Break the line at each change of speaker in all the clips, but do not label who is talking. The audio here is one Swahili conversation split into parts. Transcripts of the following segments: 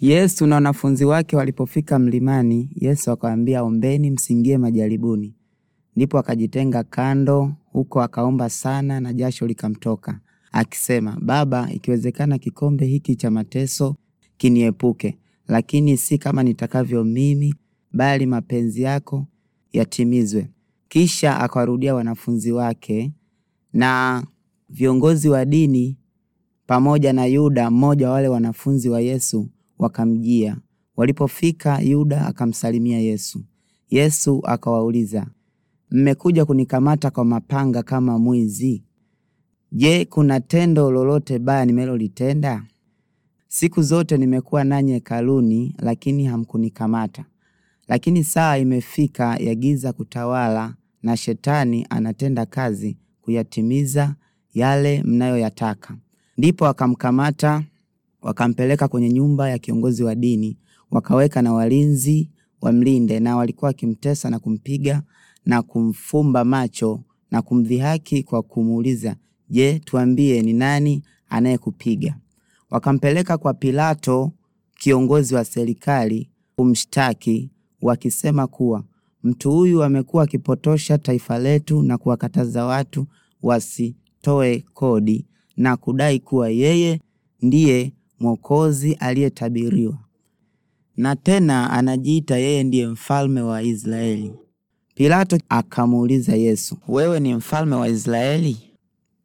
Yesu na wanafunzi wake walipofika mlimani, Yesu akawaambia, ombeni msingie majaribuni. Ndipo akajitenga kando huko, akaomba sana, na jasho likamtoka, akisema, Baba, ikiwezekana kikombe hiki cha mateso kiniepuke, lakini si kama nitakavyo mimi, bali mapenzi yako yatimizwe. Kisha akawarudia wanafunzi wake na viongozi wa dini pamoja na Yuda, mmoja wa wale wanafunzi wa Yesu wakamjia. Walipofika Yuda akamsalimia Yesu. Yesu akawauliza, mmekuja kunikamata kwa mapanga kama mwizi? Je, kuna tendo lolote baya nimelolitenda? Siku zote nimekuwa nanyi hekaluni, lakini hamkunikamata. Lakini saa imefika ya giza kutawala, na Shetani anatenda kazi kuyatimiza yale mnayoyataka. Ndipo akamkamata wakampeleka kwenye nyumba ya kiongozi wa dini, wakaweka na walinzi wamlinde, na walikuwa wakimtesa na kumpiga na kumfumba macho na kumdhihaki kwa kumuuliza, je, tuambie ni nani anayekupiga? Wakampeleka kwa Pilato, kiongozi wa serikali, kumshtaki wakisema kuwa mtu huyu amekuwa akipotosha taifa letu na kuwakataza watu wasitoe kodi na kudai kuwa yeye ndiye mwokozi aliyetabiriwa, na tena anajiita yeye ndiye mfalme wa Israeli. Pilato akamuuliza Yesu, wewe ni mfalme wa Israeli?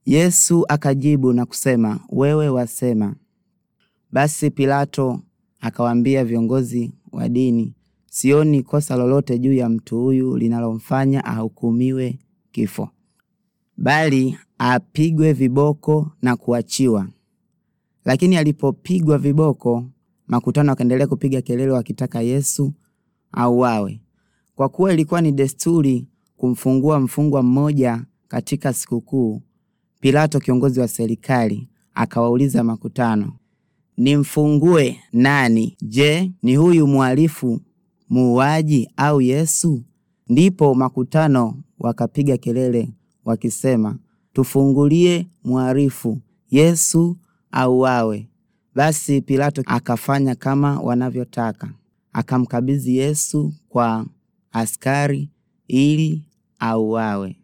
Yesu akajibu na kusema, wewe wasema. Basi Pilato akawaambia viongozi wa dini, sioni kosa lolote juu ya mtu huyu linalomfanya ahukumiwe kifo, bali apigwe viboko na kuachiwa. Lakini alipopigwa viboko, makutano akaendelea kupiga kelele wakitaka Yesu au wawe kwa kuwa ilikuwa ni desturi kumfungua mfungwa mmoja katika sikukuu. Pilato, kiongozi wa serikali, akawauliza makutano, nimfungue nani? Je, ni huyu mwalifu muuaji au Yesu? Ndipo makutano wakapiga kelele wakisema, tufungulie mwarifu Yesu auawe. Basi Pilato akafanya kama wanavyotaka, akamkabidhi Yesu kwa askari ili auawe.